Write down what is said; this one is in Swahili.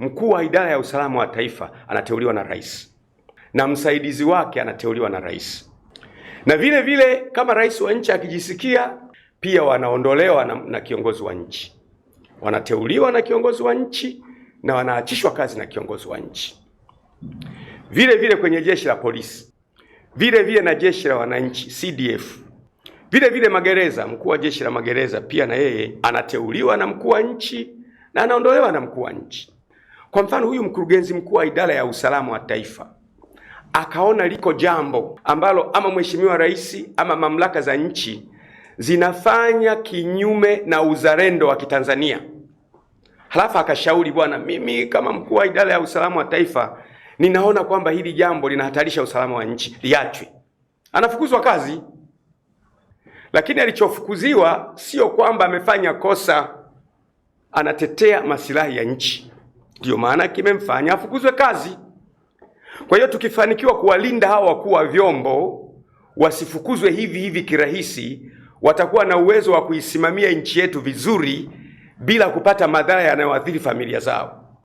Mkuu wa idara ya usalama wa taifa anateuliwa na rais na msaidizi wake anateuliwa na rais, na vile vile kama rais wa nchi akijisikia, pia wanaondolewa na, na kiongozi wa nchi, wanateuliwa na kiongozi wa nchi na wanaachishwa kazi na kiongozi wa nchi. Vile vile kwenye jeshi la polisi, vile vile na jeshi la wananchi CDF, vile vile magereza, mkuu wa jeshi la magereza pia na yeye anateuliwa na mkuu wa nchi na anaondolewa na mkuu wa nchi. Kwa mfano, huyu mkurugenzi mkuu wa idara ya usalama wa taifa akaona liko jambo ambalo ama mheshimiwa rais ama mamlaka za nchi zinafanya kinyume na uzalendo wa Kitanzania, halafu akashauri, bwana, mimi kama mkuu wa idara ya usalama wa taifa ninaona kwamba hili jambo linahatarisha usalama wa nchi, liachwe. Anafukuzwa kazi, lakini alichofukuziwa sio kwamba amefanya kosa, anatetea masilahi ya nchi ndio maana kimemfanya afukuzwe kazi. Kwa hiyo tukifanikiwa kuwalinda hawa wakuu wa vyombo wasifukuzwe hivi hivi kirahisi, watakuwa na uwezo wa kuisimamia nchi yetu vizuri bila kupata madhara yanayoathiri familia zao.